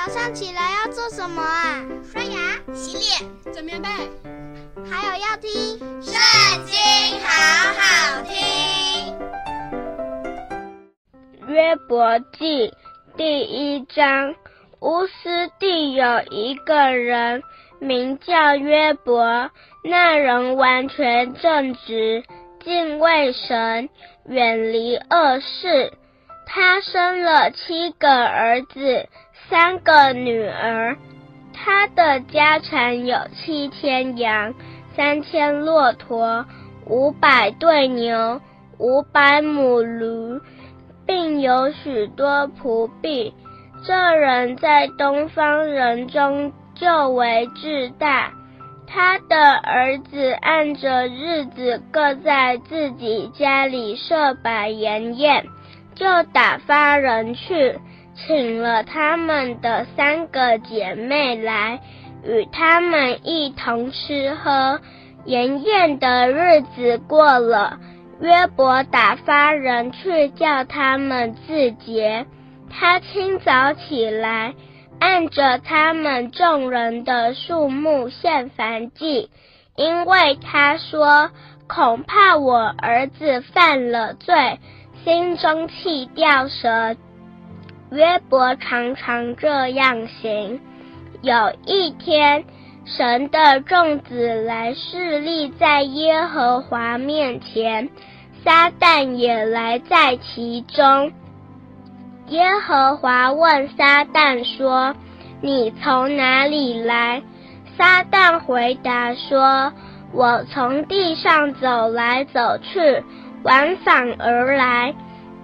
早上起來要做什麼啊？刷牙、洗臉、整棉被，還有要聽《聖經》，好好聽。《約伯記》第一章：烏斯地有一個人，名叫約伯，那人完全正直，敬畏神，遠離惡事。他生了七個兒子。三個女兒，她的家產有七千羊、三千駱駝、五百對牛、五百母驢，並有許多僕婢。這人在東方人中就為至大。他的兒子按着日子各在自己家裡設擺筵宴，就打發人去。請了他們的三個姐妹來，與他們一同吃喝。筵宴的日子過了，約伯打發人去叫他們自潔。他清早起來，按着他們眾人的數目獻燔祭，因為他說，恐怕我兒子犯了罪，心中棄掉神。約伯常常這樣行。有一天，神的眾子來侍立在耶和華面前，撒但也來在其中。耶和華問撒但說：“你從哪裡來？”撒但回答說：“我從地上走來走去，往返而來。”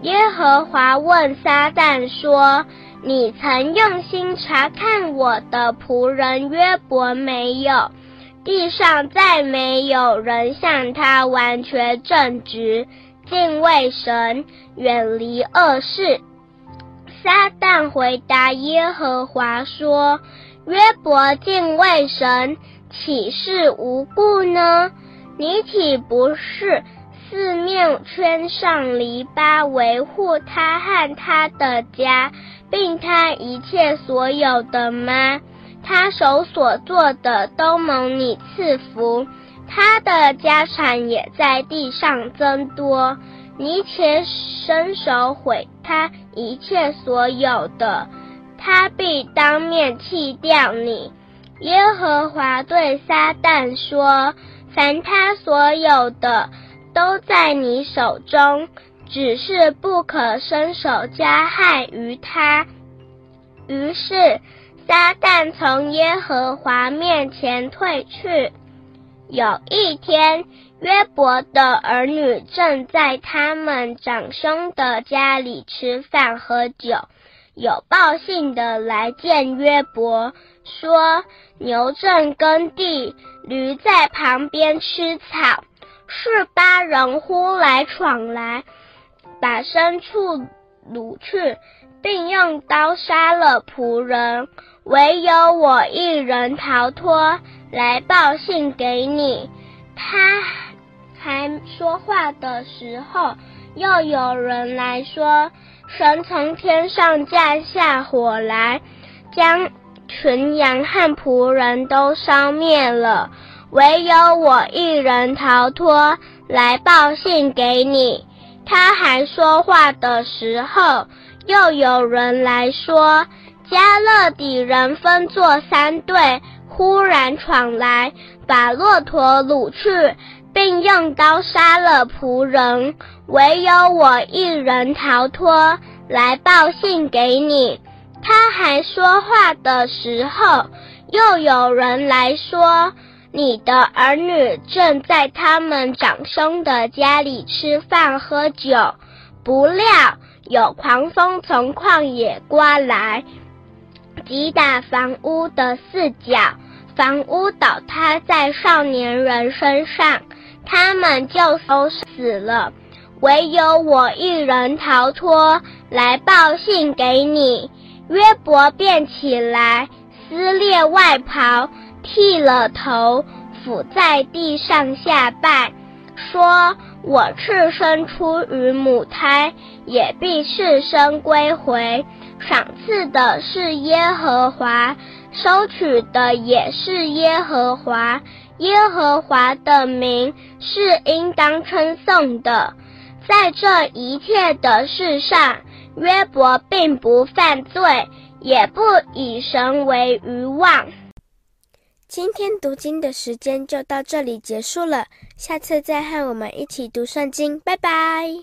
耶和華問撒但說：“你曾用心察看我的僕人約伯沒有？地上再沒有人像他完全正直，敬畏神，遠離惡事。”撒但回答耶和華說：“約伯敬畏神，豈是無故呢？你豈不是？”四面圈上籬笆，圍護他和他的家，並他一切所有的嗎？他手所做的都蒙你賜福，他的家產也在地上增多。你且伸手毀他一切所有的，他必當面棄掉你。耶和華對撒但說：“凡他所有的。”都在你手中，只是不可伸手加害於他。於是，撒但從耶和華面前退去。有一天，約伯的兒女正在他們長兄的家裡吃飯喝酒，有報信的來見約伯，說，牛正耕地，驢在旁邊吃草。示巴人忽然闖來，把牲畜擄去，並用刀殺了僕人，唯有我一人逃脫，來報信給你。他還說話的時候，又有人來說：神從天上降下火來，將群羊和僕人都燒滅了。唯有我一人逃脫，來報信給你。他還說話的時候，又有人來說：迦勒底人分作三隊，忽然闖來，把駱駝擄去，並用刀殺了僕人。唯有我一人逃脫，來報信給你。他還說話的時候，又有人來說。你的兒女正在他們長兄的家裡吃飯喝酒，不料，有狂風從曠野颳來，擊打房屋的四角，房屋倒塌在少年人身上，他們就都死了，唯有我一人逃脫，來報信給你。約伯便起來，撕裂外袍。剃了頭，伏在地上下拜，說：“我赤身出於母胎，也必赤身歸回。賞賜的是耶和華，收取的也是耶和華。耶和華的名是應當稱頌的。在這一切的事上，約伯並不犯罪，也不以神為愚妄。”今天讀經的時間就到這裡結束了，下次再和我們一起讀《聖經》，拜拜。